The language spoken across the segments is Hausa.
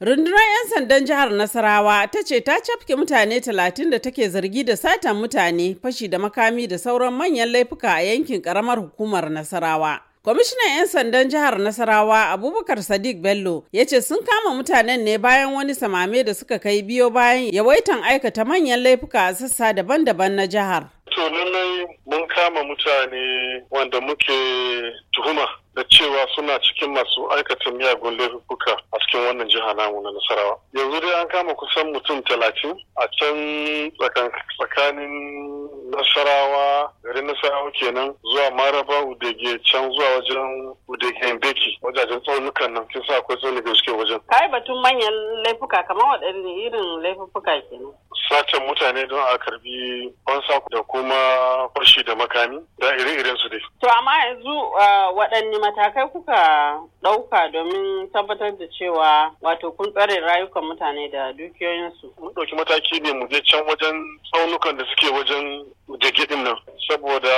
Rundunar 'yan sandan jihar Nasarawa ta ce ta cafke mutane talatin da take zargi da satan mutane fashi da makami da sauran manyan laifuka a yankin karamar hukumar Nasarawa. Kwamishinan 'yan sandan jihar Nasarawa Abubakar Sadiq Bello ya ce sun kama mutanen ne bayan wani samame da suka kai biyo bayan yawaitan aikata manyan laifuka a sassa daban-daban na jihar. To mun kama mutane wanda muke tuhuma da cewa suna cikin masu aikata miyagun laifuka a cikin wannan jiha namu na nasarawa yanzu dai an kama kusan mutum talatin a can tsakanin nasarawa garin nasarawa kenan zuwa maraba udege can zuwa wajen udege beki wajajen tsaunukan nan kisa sa akwai tsaunuka suke wajen kai batun manyan laifuka kamar waɗanne irin laifuka kenan sacin mutane don a karbi kwansa da kuma kurshi da makami da ire-iren su dai. To amma yanzu uh, waɗanne matakai kuka ɗauka domin tabbatar da cewa wato kun tsare rayukan mutane da dukiyoyinsu. Mun ɗauki mataki ne mu je can wajen tsaunukan da suke wajen jage nan saboda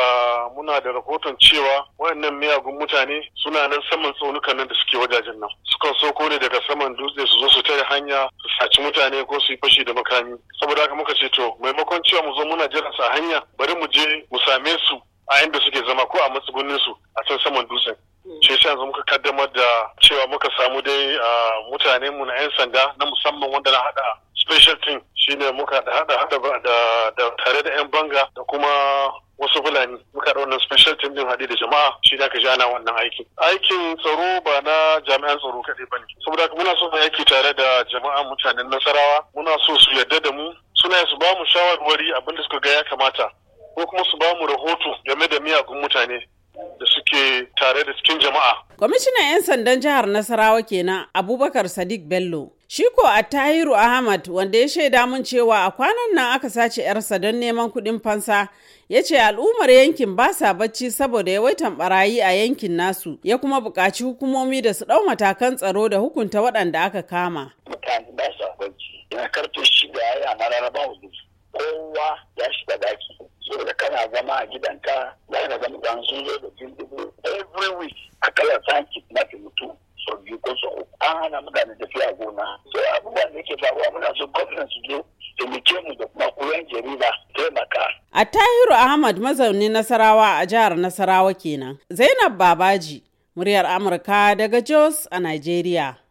muna da rahoton cewa waɗannan miyagun mutane suna nan saman tsaunukan nan da suke wajajen nan sukan ko ne daga saman dutse su zo su tare hanya su saci mutane ko su yi fashi da makami saboda haka muka ce to maimakon cewa mu zo muna jira su a hanya bari mu je mu same su a inda suke zama ko a matsugunnin su a can saman dutsen hmm. shi yanzu muka kaddamar da cewa muka samu dai mutane mu na yan sanda na musamman wanda na hada special team shine muka haɗa hada da tare da yan banga da kuma wasu fulani muka da wannan special team din haɗe da jama'a shi da ka jana wannan aikin aikin tsaro ba na jami'an tsaro kaɗai ba ne saboda haka muna so mu aiki tare da jama'a mutanen nasarawa muna so su yarda da mu suna su ba mu shawarwari abin da suka ga ya kamata ko kuma su ba mu rahoto game da miyagun mutane da suke tare da cikin jama'a. Kwamishinan 'yan sandan jihar Nasarawa kenan Abubakar Sadiq Bello Shi ko Attahiru Ahmad wanda ya shaida mun cewa a kwanan nan aka sace 'yarsa don neman kuɗin fansa ya ce al'ummar yankin ba sa bacci saboda yawaitan barayi a yankin nasu ya kuma buƙaci hukumomi da su ɗau matakan tsaro da hukunta waɗanda aka kama. Mutane ba sa bacci karfe shida ya hudu kowa ya shiga daki saboda kana zama a gidanka za ka zama sun zo da every week a kalar sanki na mutum hana mutane tafiya gona so abubuwa da yake faruwa muna so gwamnati su zo taimake mu da kuma koyon jarida taimaka. a tahiru ahmad mazauni nasarawa a jihar nasarawa kenan zainab babaji muryar amurka daga jos a nigeria.